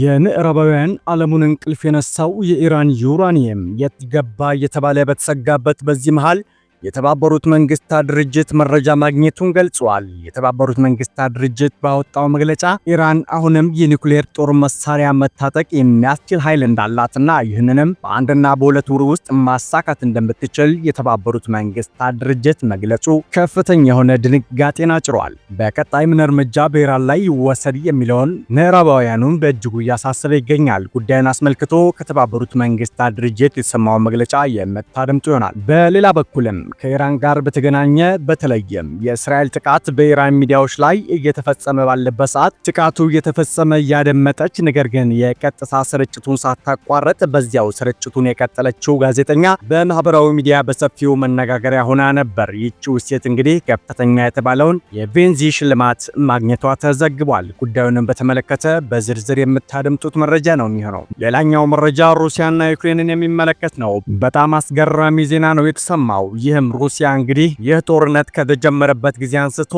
የምዕራባውያን ዓለሙን እንቅልፍ የነሳው የኢራን ዩራኒየም የት ገባ እየተባለ በተሰጋበት በዚህ መሃል የተባበሩት መንግስታት ድርጅት መረጃ ማግኘቱን ገልጿል። የተባበሩት መንግስታት ድርጅት ባወጣው መግለጫ ኢራን አሁንም የኒውክሌር ጦር መሳሪያ መታጠቅ የሚያስችል ኃይል እንዳላትና ይህንንም በአንድና በሁለት ወር ውስጥ ማሳካት እንደምትችል የተባበሩት መንግስታት ድርጅት መግለጹ ከፍተኛ የሆነ ድንጋጤን አጭሯል። በቀጣይ ምን እርምጃ በኢራን ላይ ይወሰድ የሚለውን ምዕራባውያኑን በእጅጉ እያሳሰበ ይገኛል። ጉዳዩን አስመልክቶ ከተባበሩት መንግስታት ድርጅት የተሰማውን መግለጫ የምታደምጡ ይሆናል። በሌላ በኩልም ከኢራን ጋር በተገናኘ በተለይም የእስራኤል ጥቃት በኢራን ሚዲያዎች ላይ እየተፈጸመ ባለበት ሰዓት ጥቃቱ እየተፈጸመ እያደመጠች ነገር ግን የቀጥታ ስርጭቱን ሳታቋረጥ በዚያው ስርጭቱን የቀጠለችው ጋዜጠኛ በማህበራዊ ሚዲያ በሰፊው መነጋገሪያ ሆና ነበር። ይቺው ሴት እንግዲህ ከፍተኛ የተባለውን የቬንዚ ሽልማት ማግኘቷ ተዘግቧል። ጉዳዩንም በተመለከተ በዝርዝር የምታደምጡት መረጃ ነው የሚሆነው። ሌላኛው መረጃ ሩሲያና ዩክሬንን የሚመለከት ነው። በጣም አስገራሚ ዜና ነው የተሰማው። ይህም ዓለም ሩሲያ እንግዲህ ይህ ጦርነት ከተጀመረበት ጊዜ አንስቶ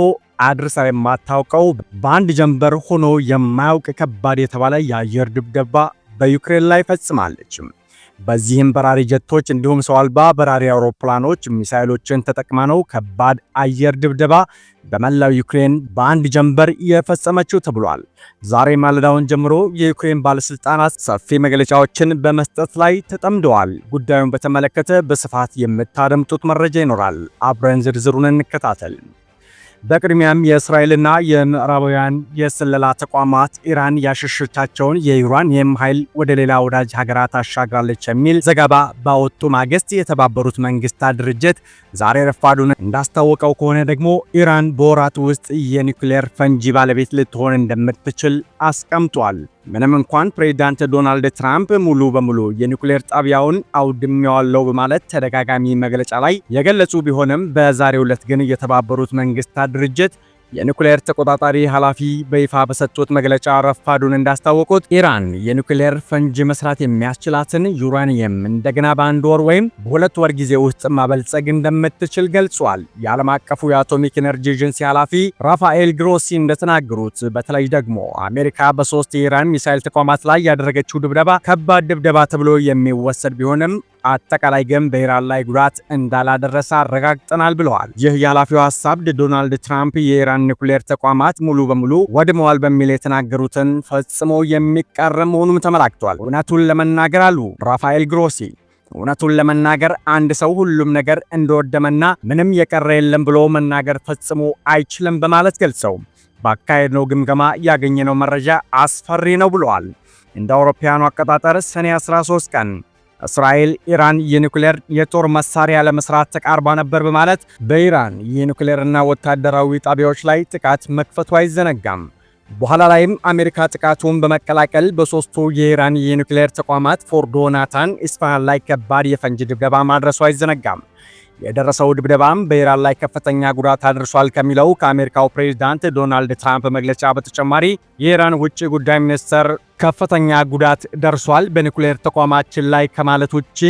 አድርሳ የማታውቀው በአንድ ጀንበር ሆኖ የማያውቅ ከባድ የተባለ የአየር ድብደባ በዩክሬን ላይ ፈጽማለችም። በዚህም በራሪ ጀቶች እንዲሁም ሰው አልባ በራሪ አውሮፕላኖች ሚሳይሎችን ተጠቅማ ነው ከባድ አየር ድብደባ በመላው ዩክሬን በአንድ ጀንበር የፈጸመችው ተብሏል። ዛሬ ማለዳውን ጀምሮ የዩክሬን ባለስልጣናት ሰፊ መግለጫዎችን በመስጠት ላይ ተጠምደዋል። ጉዳዩን በተመለከተ በስፋት የምታደምጡት መረጃ ይኖራል። አብረን ዝርዝሩን እንከታተል። በቅድሚያም የእስራኤልና የምዕራባውያን የስለላ ተቋማት ኢራን ያሸሸቻቸውን የዩራኒየም ኃይል ወደ ሌላ ወዳጅ ሀገራት አሻግራለች የሚል ዘገባ ባወጡ ማግስት የተባበሩት መንግስታት ድርጅት ዛሬ ረፋዱን እንዳስታወቀው ከሆነ ደግሞ ኢራን በወራት ውስጥ የኒውክሌር ፈንጂ ባለቤት ልትሆን እንደምትችል አስቀምጧል። ምንም እንኳን ፕሬዚዳንት ዶናልድ ትራምፕ ሙሉ በሙሉ የኒውክሌር ጣቢያውን አውድሜዋለሁ በማለት ተደጋጋሚ መግለጫ ላይ የገለጹ ቢሆንም በዛሬው ዕለት ግን የተባበሩት መንግስታት ድርጅት የኒኩሌር ተቆጣጣሪ ኃላፊ በይፋ በሰጡት መግለጫ ረፋዱን እንዳስታወቁት ኢራን የኒኩሌር ፈንጂ መስራት የሚያስችላትን ዩራኒየም እንደገና በአንድ ወር ወይም በሁለት ወር ጊዜ ውስጥ ማበልጸግ እንደምትችል ገልጿል። የዓለም አቀፉ የአቶሚክ ኤነርጂ ኤጀንሲ ኃላፊ ራፋኤል ግሮሲ እንደተናገሩት በተለይ ደግሞ አሜሪካ በሶስት የኢራን ሚሳይል ተቋማት ላይ ያደረገችው ድብደባ ከባድ ድብደባ ተብሎ የሚወሰድ ቢሆንም አጠቃላይ ግን በኢራን ላይ ጉዳት እንዳላደረሰ አረጋግጠናል ብለዋል። ይህ የኃላፊው ሀሳብ ዶናልድ ትራምፕ የኢራን ኒኩሌር ተቋማት ሙሉ በሙሉ ወድመዋል በሚል የተናገሩትን ፈጽሞ የሚቃረም መሆኑም ተመላክቷል። እውነቱን ለመናገር አሉ ራፋኤል ግሮሲ እውነቱን ለመናገር አንድ ሰው ሁሉም ነገር እንደወደመና ምንም የቀረ የለም ብሎ መናገር ፈጽሞ አይችልም በማለት ገልጸው ባካሄድነው ግምገማ ያገኘነው መረጃ አስፈሪ ነው ብለዋል። እንደ አውሮፓውያኑ አቀጣጠር ሰኔ 13 ቀን እስራኤል ኢራን የኒውክሌር የጦር መሳሪያ ለመስራት ተቃርባ ነበር በማለት በኢራን የኒውክሌርና ወታደራዊ ጣቢያዎች ላይ ጥቃት መክፈቱ አይዘነጋም። በኋላ ላይም አሜሪካ ጥቃቱን በመቀላቀል በሶስቱ የኢራን የኒውክሌር ተቋማት ፎርዶ፣ ናታን፣ ኢስፋሃን ላይ ከባድ የፈንጂ ድብደባ ማድረሱ አይዘነጋም። የደረሰው ድብደባም በኢራን ላይ ከፍተኛ ጉዳት አድርሷል ከሚለው ከአሜሪካው ፕሬዝዳንት ዶናልድ ትራምፕ መግለጫ በተጨማሪ የኢራን ውጭ ጉዳይ ሚኒስተር ከፍተኛ ጉዳት ደርሷል በኒኩሌር ተቋማችን ላይ ከማለት ውጭ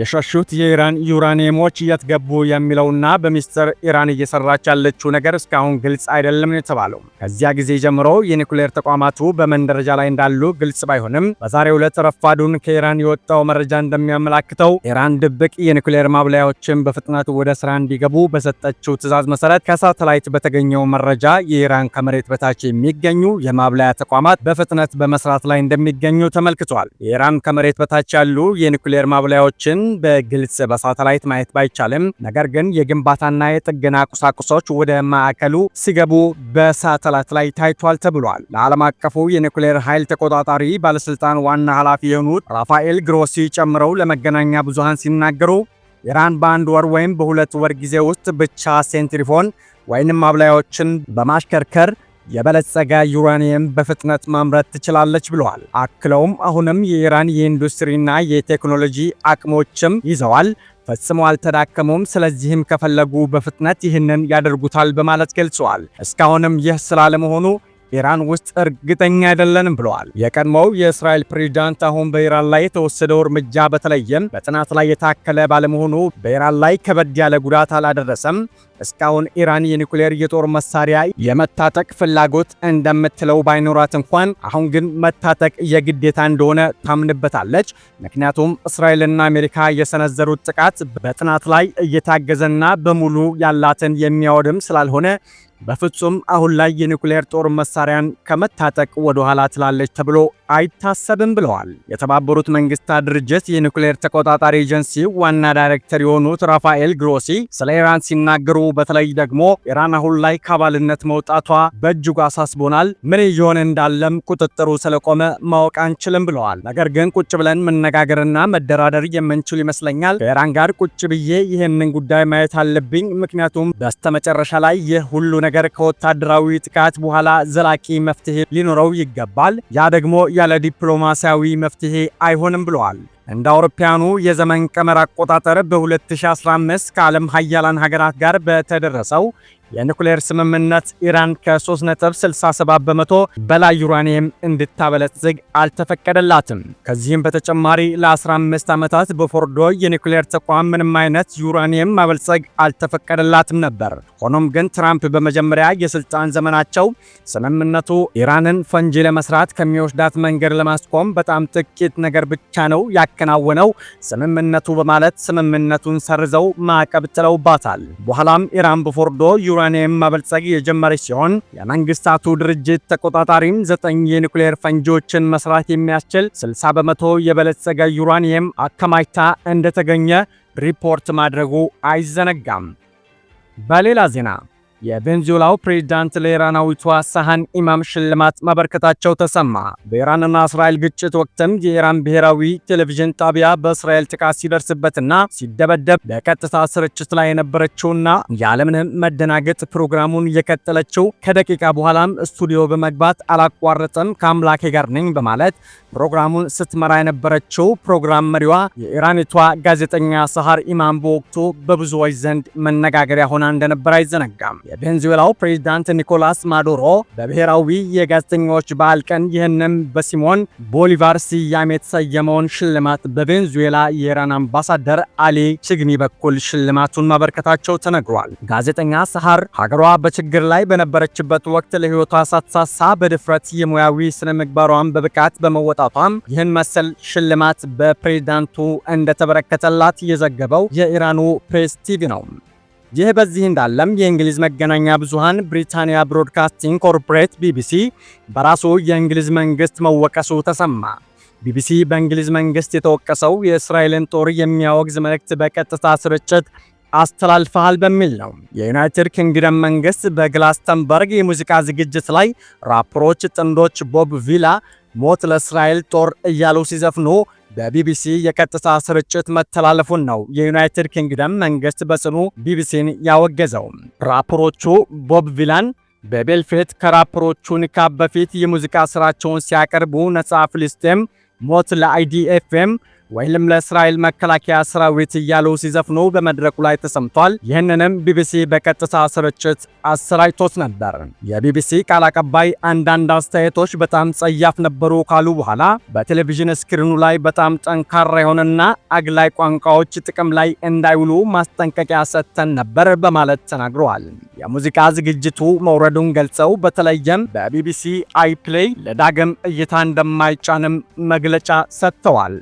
የሸሹት የኢራን ዩራኒየሞች የት ገቡ የሚለውና በሚስጥር ኢራን እየሰራች ያለችው ነገር እስካሁን ግልጽ አይደለም ነው የተባለው። ከዚያ ጊዜ ጀምሮ የኒኩሌር ተቋማቱ በምን ደረጃ ላይ እንዳሉ ግልጽ ባይሆንም በዛሬው ዕለት ረፋዱን ከኢራን የወጣው መረጃ እንደሚያመላክተው ኢራን ድብቅ የኒኩሌር ማብላያዎችን በፍጥነት ወደ ስራ እንዲገቡ በሰጠችው ትዕዛዝ መሰረት ከሳተላይት በተገኘው መረጃ የኢራን ከመሬት በታች የሚገኙ የማብላያ ተቋማት በፍጥነት በመስራት ላይ እንደሚገኙ ተመልክቷል። የኢራን ከመሬት በታች ያሉ የኒኩሌር ማብላያዎችን በግልጽ በሳተላይት ማየት ባይቻልም ነገር ግን የግንባታና የጥገና ቁሳቁሶች ወደ ማዕከሉ ሲገቡ በሳተላይት ላይ ታይቷል ተብሏል። ለዓለም አቀፉ የኒኩሌር ኃይል ተቆጣጣሪ ባለሥልጣን ዋና ኃላፊ የሆኑት ራፋኤል ግሮሲ ጨምረው ለመገናኛ ብዙሃን ሲናገሩ ኢራን በአንድ ወር ወይም በሁለት ወር ጊዜ ውስጥ ብቻ ሴንትሪፎን ወይንም ማብላያዎችን በማሽከርከር የበለጸገ ዩራኒየም በፍጥነት ማምረት ትችላለች ብለዋል። አክለውም አሁንም የኢራን የኢንዱስትሪና የቴክኖሎጂ አቅሞችም ይዘዋል ፈጽሞ አልተዳከሙም። ስለዚህም ከፈለጉ በፍጥነት ይህንን ያደርጉታል በማለት ገልጸዋል። እስካሁንም ይህ ስላለመሆኑ ኢራን ውስጥ እርግጠኛ አይደለንም ብለዋል። የቀድሞው የእስራኤል ፕሬዚዳንት አሁን በኢራን ላይ የተወሰደው እርምጃ በተለይም በጥናት ላይ የታከለ ባለመሆኑ በኢራን ላይ ከበድ ያለ ጉዳት አላደረሰም። እስካሁን ኢራን የኒውክሌር የጦር መሳሪያ የመታጠቅ ፍላጎት እንደምትለው ባይኖራት እንኳን አሁን ግን መታጠቅ የግዴታ እንደሆነ ታምንበታለች። ምክንያቱም እስራኤልና አሜሪካ የሰነዘሩት ጥቃት በጥናት ላይ እየታገዘና በሙሉ ያላትን የሚያወድም ስላልሆነ በፍጹም አሁን ላይ የኒውክሌር ጦር መሳሪያን ከመታጠቅ ወደ ኋላ ትላለች ተብሎ አይታሰብም ብለዋል። የተባበሩት መንግስታት ድርጅት የኒውክሌር ተቆጣጣሪ ኤጀንሲ ዋና ዳይሬክተር የሆኑት ራፋኤል ግሮሲ ስለ ኢራን ሲናገሩ፣ በተለይ ደግሞ ኢራን አሁን ላይ ከአባልነት መውጣቷ በእጅጉ አሳስቦናል፣ ምን እየሆነ እንዳለም ቁጥጥሩ ስለቆመ ማወቅ አንችልም ብለዋል። ነገር ግን ቁጭ ብለን መነጋገርና መደራደር የምንችል ይመስለኛል። ከኢራን ጋር ቁጭ ብዬ ይህንን ጉዳይ ማየት አለብኝ፣ ምክንያቱም በስተመጨረሻ ላይ ይህ ሁሉ ነገር ከወታደራዊ ጥቃት በኋላ ዘላቂ መፍትሄ ሊኖረው ይገባል። ያ ደግሞ ያለ ዲፕሎማሲያዊ መፍትሄ አይሆንም ብለዋል። እንደ አውሮፓውያኑ የዘመን ቀመር አቆጣጠር በ2015 ከዓለም ሀያላን ሀገራት ጋር በተደረሰው የኒኩሌር ስምምነት ኢራን ከ3.67 በመቶ በላይ ዩራኒየም እንድታበለጽግ አልተፈቀደላትም። ከዚህም በተጨማሪ ለ15 ዓመታት በፎርዶ የኒኩሌር ተቋም ምንም አይነት ዩራኒየም ማበልጸግ አልተፈቀደላትም ነበር። ሆኖም ግን ትራምፕ በመጀመሪያ የስልጣን ዘመናቸው ስምምነቱ ኢራንን ፈንጂ ለመስራት ከሚወስዳት መንገድ ለማስቆም በጣም ጥቂት ነገር ብቻ ነው ያከናወነው ስምምነቱ በማለት ስምምነቱን ሰርዘው ማዕቀብ ጥለውባታል። በኋላም ኢራን በፎርዶ ዩራኒየም ማበልጸግ የጀመረች ሲሆን የመንግስታቱ ድርጅት ተቆጣጣሪም ዘጠኝ የኒኩሌር ፈንጂዎችን መስራት የሚያስችል 60 በመቶ የበለጸገ ዩራኒየም አከማችታ እንደተገኘ ሪፖርት ማድረጉ አይዘነጋም። በሌላ ዜና የቬንዙዌላው ፕሬዝዳንት ለኢራናዊቷ ሳሃን ኢማም ሽልማት ማበርከታቸው ተሰማ። በኢራንና እስራኤል ግጭት ወቅትም የኢራን ብሔራዊ ቴሌቪዥን ጣቢያ በእስራኤል ጥቃት ሲደርስበትና ሲደበደብ በቀጥታ ስርጭት ላይ የነበረችውና የዓለምንም መደናገጥ ፕሮግራሙን እየቀጠለችው ከደቂቃ በኋላም ስቱዲዮ በመግባት አላቋረጠም ከአምላኬ ጋር ነኝ በማለት ፕሮግራሙን ስትመራ የነበረችው ፕሮግራም መሪዋ የኢራኒቷ ጋዜጠኛ ሳሃር ኢማም በወቅቱ በብዙዎች ዘንድ መነጋገሪያ ሆና እንደነበር አይዘነጋም። የቬንዙዌላው ፕሬዚዳንት ኒኮላስ ማዱሮ በብሔራዊ የጋዜጠኞች በዓል ቀን ይህንም በሲሞን ቦሊቫር ስያሜ የተሰየመውን ሽልማት በቬንዙዌላ የኢራን አምባሳደር አሊ ችግኒ በኩል ሽልማቱን ማበርከታቸው ተነግሯል። ጋዜጠኛ ሰሃር ሀገሯ በችግር ላይ በነበረችበት ወቅት ለህይወቷ ሳትሳሳ በድፍረት የሙያዊ ስነ ምግባሯን በብቃት በመወጣቷም ይህን መሰል ሽልማት በፕሬዚዳንቱ እንደተበረከተላት የዘገበው የኢራኑ ፕሬስ ቲቪ ነው። ይህ በዚህ እንዳለም የእንግሊዝ መገናኛ ብዙሃን ብሪታንያ ብሮድካስቲንግ ኮርፖሬት ቢቢሲ በራሱ የእንግሊዝ መንግስት መወቀሱ ተሰማ። ቢቢሲ በእንግሊዝ መንግስት የተወቀሰው የእስራኤልን ጦር የሚያወግዝ መልእክት በቀጥታ ስርጭት አስተላልፈሃል በሚል ነው። የዩናይትድ ኪንግደም መንግስት በግላስተንበርግ የሙዚቃ ዝግጅት ላይ ራፕሮች ጥንዶች ቦብ ቪላ ሞት ለእስራኤል ጦር እያሉ ሲዘፍኑ በቢቢሲ የቀጥታ ስርጭት መተላለፉን ነው የዩናይትድ ኪንግደም መንግስት በጽኑ ቢቢሲን ያወገዘው። ራፐሮቹ ቦብ ቪላን በቤልፌት ከራፐሮቹ ኒካብ በፊት የሙዚቃ ስራቸውን ሲያቀርቡ ነጻ ፍልስጤም፣ ሞት ለአይዲኤፍኤም ወይም ለእስራኤል መከላከያ ሰራዊት እያሉ ሲዘፍኑ በመድረኩ ላይ ተሰምቷል። ይህንንም ቢቢሲ በቀጥታ ስርጭት አሰራጭቶት ነበር። የቢቢሲ ቃል አቀባይ አንዳንድ አስተያየቶች በጣም ጸያፍ ነበሩ ካሉ በኋላ በቴሌቪዥን ስክሪኑ ላይ በጣም ጠንካራ የሆነና አግላይ ቋንቋዎች ጥቅም ላይ እንዳይውሉ ማስጠንቀቂያ ሰጥተን ነበር በማለት ተናግረዋል። የሙዚቃ ዝግጅቱ መውረዱን ገልጸው በተለየም በቢቢሲ አይፕሌይ ለዳግም እይታ እንደማይጫንም መግለጫ ሰጥተዋል።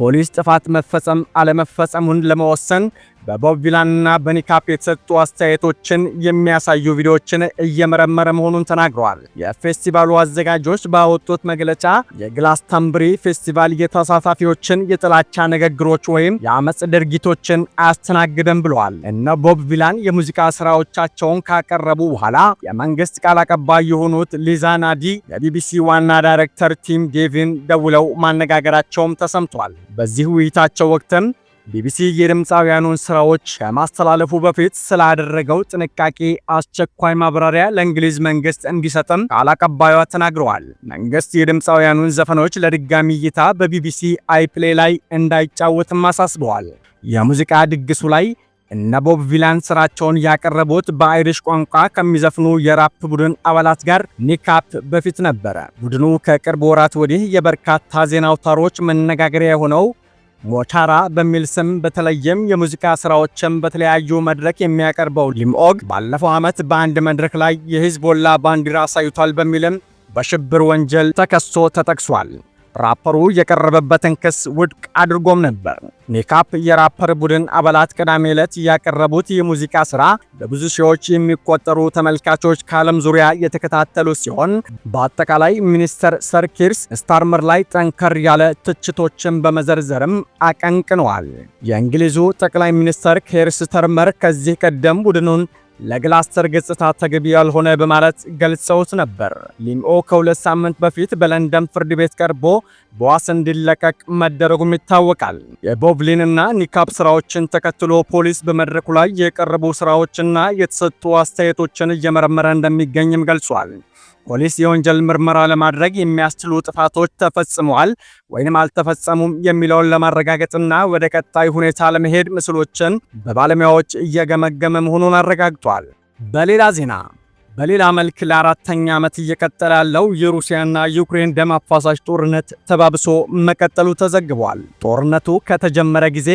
ፖሊስ ጥፋት መፈጸም አለመፈጸሙን ለመወሰን በቦብ ቪላንና በኒካፕ የተሰጡ አስተያየቶችን የሚያሳዩ ቪዲዮዎችን እየመረመረ መሆኑን ተናግረዋል። የፌስቲቫሉ አዘጋጆች ባወጡት መግለጫ የግላስተንብሪ ፌስቲቫል የተሳታፊዎችን የጥላቻ ንግግሮች ወይም የአመፅ ድርጊቶችን አያስተናግደም ብለዋል። እነ ቦብ ቪላን የሙዚቃ ስራዎቻቸውን ካቀረቡ በኋላ የመንግስት ቃል አቀባይ የሆኑት ሊዛ ናዲ የቢቢሲ ዋና ዳይሬክተር ቲም ዴቪን ደውለው ማነጋገራቸውም ተሰምቷል። በዚህ ውይይታቸው ወቅትም ቢቢሲ የድምፃውያኑን ስራዎች ከማስተላለፉ በፊት ስላደረገው ጥንቃቄ አስቸኳይ ማብራሪያ ለእንግሊዝ መንግስት እንዲሰጥም ቃል አቀባዩ ተናግረዋል። መንግስት የድምፃውያኑን ዘፈኖች ለድጋሚ እይታ በቢቢሲ አይፕሌ ላይ እንዳይጫወትም አሳስበዋል። የሙዚቃ ድግሱ ላይ እነ ቦብ ቪላን ስራቸውን ያቀረቡት በአይሪሽ ቋንቋ ከሚዘፍኑ የራፕ ቡድን አባላት ጋር ኒካፕ በፊት ነበረ። ቡድኑ ከቅርብ ወራት ወዲህ የበርካታ ዜና አውታሮች መነጋገሪያ የሆነው ሞቻራ በሚል ስም በተለይም የሙዚቃ ስራዎችን በተለያዩ መድረክ የሚያቀርበው ሊምኦግ ባለፈው ዓመት በአንድ መድረክ ላይ የሂዝቦላ ባንዲራ አሳይቷል በሚልም በሽብር ወንጀል ተከሶ ተጠቅሷል። ራፐሩ የቀረበበትን ክስ ውድቅ አድርጎም ነበር። ኔካፕ የራፐር ቡድን አባላት ቅዳሜ ዕለት ያቀረቡት የሙዚቃ ሥራ በብዙ ሺዎች የሚቆጠሩ ተመልካቾች ከዓለም ዙሪያ የተከታተሉ ሲሆን በአጠቃላይ ሚኒስትር ሰር ኪር ስታርመር ላይ ጠንከር ያለ ትችቶችን በመዘርዘርም አቀንቅነዋል። የእንግሊዙ ጠቅላይ ሚኒስትር ኬር ስታርመር ከዚህ ቀደም ቡድኑን ለግላስተር ገጽታ ተገቢ ያልሆነ በማለት ገልጸውት ነበር። ሊምኦ ከሁለት ሳምንት በፊት በለንደን ፍርድ ቤት ቀርቦ በዋስ እንዲለቀቅ መደረጉም ይታወቃል። የቦቭሊንና ኒካፕ ስራዎችን ተከትሎ ፖሊስ በመድረኩ ላይ የቀረቡ ስራዎችና የተሰጡ አስተያየቶችን እየመረመረ እንደሚገኝም ገልጿል። ፖሊስ የወንጀል ምርመራ ለማድረግ የሚያስችሉ ጥፋቶች ተፈጽመዋል ወይንም አልተፈጸሙም የሚለውን ለማረጋገጥና ወደ ቀጣይ ሁኔታ ለመሄድ ምስሎችን በባለሙያዎች እየገመገመ መሆኑን አረጋግጧል። በሌላ ዜና በሌላ መልክ ለአራተኛ ዓመት እየቀጠለ ያለው የሩሲያና ዩክሬን ደም አፋሳሽ ጦርነት ተባብሶ መቀጠሉ ተዘግቧል። ጦርነቱ ከተጀመረ ጊዜ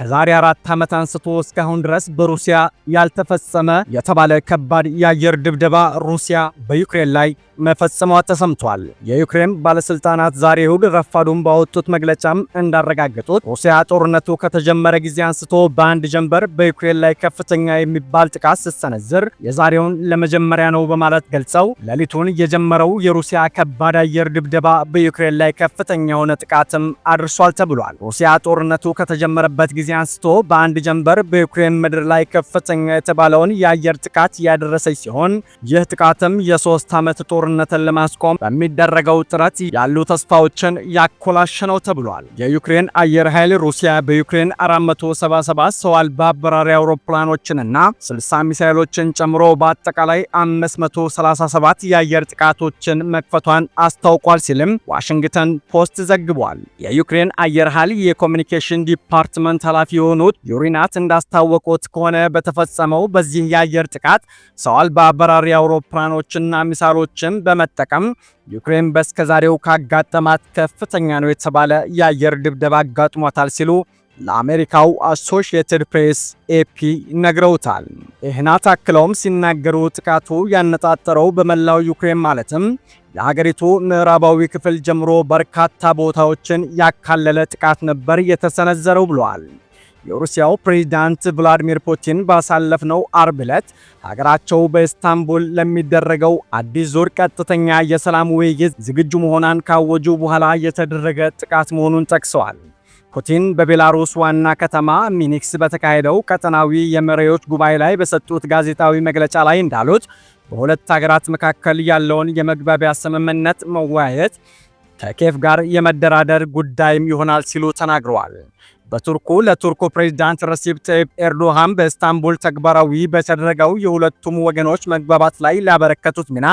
ከዛሬ አራት ዓመት አንስቶ እስካሁን ድረስ በሩሲያ ያልተፈጸመ የተባለ ከባድ የአየር ድብደባ ሩሲያ በዩክሬን ላይ መፈጸሟ ተሰምቷል። የዩክሬን ባለስልጣናት ዛሬ እሁድ ረፋዱን ባወጡት መግለጫም እንዳረጋገጡት ሩሲያ ጦርነቱ ከተጀመረ ጊዜ አንስቶ በአንድ ጀንበር በዩክሬን ላይ ከፍተኛ የሚባል ጥቃት ስትሰነዝር የዛሬውን ለመጀመሪያ ነው በማለት ገልጸው ሌሊቱን የጀመረው የሩሲያ ከባድ አየር ድብደባ በዩክሬን ላይ ከፍተኛ የሆነ ጥቃትም አድርሷል ተብሏል። ሩሲያ ጦርነቱ ከተጀመረበት ጊዜ ጊዜ አንስቶ በአንድ ጀንበር በዩክሬን ምድር ላይ ከፍተኛ የተባለውን የአየር ጥቃት ያደረሰች ሲሆን ይህ ጥቃትም የሶስት ዓመት ጦርነትን ለማስቆም በሚደረገው ጥረት ያሉ ተስፋዎችን ያኮላሸ ነው ተብሏል። የዩክሬን አየር ኃይል ሩሲያ በዩክሬን 477 ሰው አልባ በራሪ አውሮፕላኖችንና 60 ሚሳይሎችን ጨምሮ በአጠቃላይ 537 የአየር ጥቃቶችን መክፈቷን አስታውቋል ሲልም ዋሽንግተን ፖስት ዘግቧል። የዩክሬን አየር ኃይል የኮሚኒኬሽን ዲፓርትመንት ኃላፊ የሆኑት ዩሪናት እንዳስታወቁት ከሆነ በተፈጸመው በዚህ የአየር ጥቃት ሰው አልባ በራሪ አውሮፕላኖችና ሚሳሎችን በመጠቀም ዩክሬን በስከዛሬው ካጋጠማት ከፍተኛ ነው የተባለ የአየር ድብደባ አጋጥሟታል ሲሉ ለአሜሪካው አሶሺየትድ ፕሬስ ኤፒ ነግረውታል። ይህናት አክለውም ሲናገሩ ጥቃቱ ያነጣጠረው በመላው ዩክሬን ማለትም የሀገሪቱ ምዕራባዊ ክፍል ጀምሮ በርካታ ቦታዎችን ያካለለ ጥቃት ነበር የተሰነዘረው ብለዋል። የሩሲያው ፕሬዚዳንት ቭላዲሚር ፑቲን ባሳለፍነው አርብ ዕለት ሀገራቸው በኢስታንቡል ለሚደረገው አዲስ ዙር ቀጥተኛ የሰላም ውይይት ዝግጁ መሆኗን ካወጁ በኋላ የተደረገ ጥቃት መሆኑን ጠቅሰዋል። ፑቲን በቤላሩስ ዋና ከተማ ሚኒክስ በተካሄደው ቀጠናዊ የመሪዎች ጉባኤ ላይ በሰጡት ጋዜጣዊ መግለጫ ላይ እንዳሉት በሁለት ሀገራት መካከል ያለውን የመግባቢያ ስምምነት መወያየት ከኬፍ ጋር የመደራደር ጉዳይም ይሆናል ሲሉ ተናግረዋል። በቱርኩ ለቱርኩ ፕሬዚዳንት ረሲፕ ጠይብ ኤርዶሃን በኢስታንቡል ተግባራዊ በተደረገው የሁለቱም ወገኖች መግባባት ላይ ላበረከቱት ሚና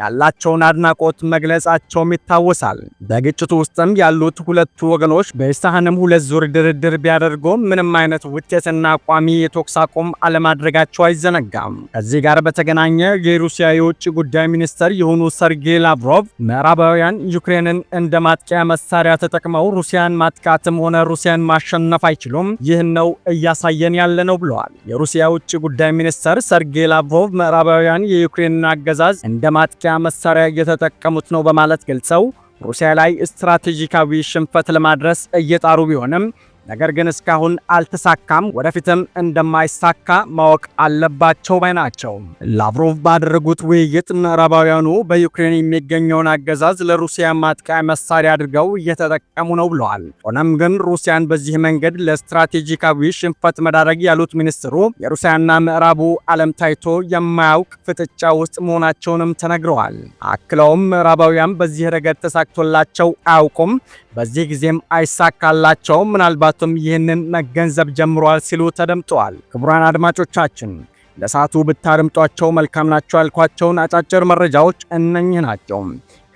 ያላቸውን አድናቆት መግለጻቸውም ይታወሳል። በግጭቱ ውስጥም ያሉት ሁለቱ ወገኖች በሳህንም ሁለት ዙር ድርድር ቢያደርጉም ምንም አይነት ውጤትና ቋሚ የተኩስ አቁም አለማድረጋቸው አይዘነጋም። ከዚህ ጋር በተገናኘ የሩሲያ የውጭ ጉዳይ ሚኒስትር የሆኑ ሰርጌይ ላቭሮቭ ምዕራባውያን ዩክሬንን እንደ ማጥቂያ መሳሪያ ተጠቅመው ሩሲያን ማጥቃትም ሆነ ሩሲያን ማሸነፍ አይችሉም፣ ይህን ነው እያሳየን ያለ ነው ብለዋል። የሩሲያ የውጭ ጉዳይ ሚኒስትር ሰርጌይ ላቭሮቭ ምዕራባውያን የዩክሬንን አገዛዝ እንደ ማጥቂያ የሩሲያ መሳሪያ እየተጠቀሙት ነው በማለት ገልጸው ሩሲያ ላይ ስትራቴጂካዊ ሽንፈት ለማድረስ እየጣሩ ቢሆንም ነገር ግን እስካሁን አልተሳካም፣ ወደፊትም እንደማይሳካ ማወቅ አለባቸው ባይ ናቸው። ላቭሮቭ ባደረጉት ውይይት ምዕራባውያኑ በዩክሬን የሚገኘውን አገዛዝ ለሩሲያ ማጥቃያ መሳሪያ አድርገው እየተጠቀሙ ነው ብለዋል። ሆነም ግን ሩሲያን በዚህ መንገድ ለስትራቴጂካዊ ሽንፈት መዳረግ ያሉት ሚኒስትሩ የሩሲያና ምዕራቡ ዓለም ታይቶ የማያውቅ ፍጥጫ ውስጥ መሆናቸውንም ተነግረዋል። አክለውም ምዕራባውያን በዚህ ረገድ ተሳክቶላቸው አያውቁም፣ በዚህ ጊዜም አይሳካላቸውም ምናልባት መንግስታትም ይህንን መገንዘብ ጀምሯል ሲሉ ተደምጠዋል። ክቡራን አድማጮቻችን ለሰዓቱ ብታደምጧቸው መልካም ናቸው ያልኳቸውን አጫጭር መረጃዎች እነኝህ ናቸው።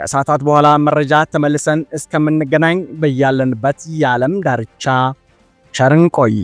ከሰዓታት በኋላ መረጃ ተመልሰን እስከምንገናኝ በያለንበት የዓለም ዳርቻ ቸርን ቆይ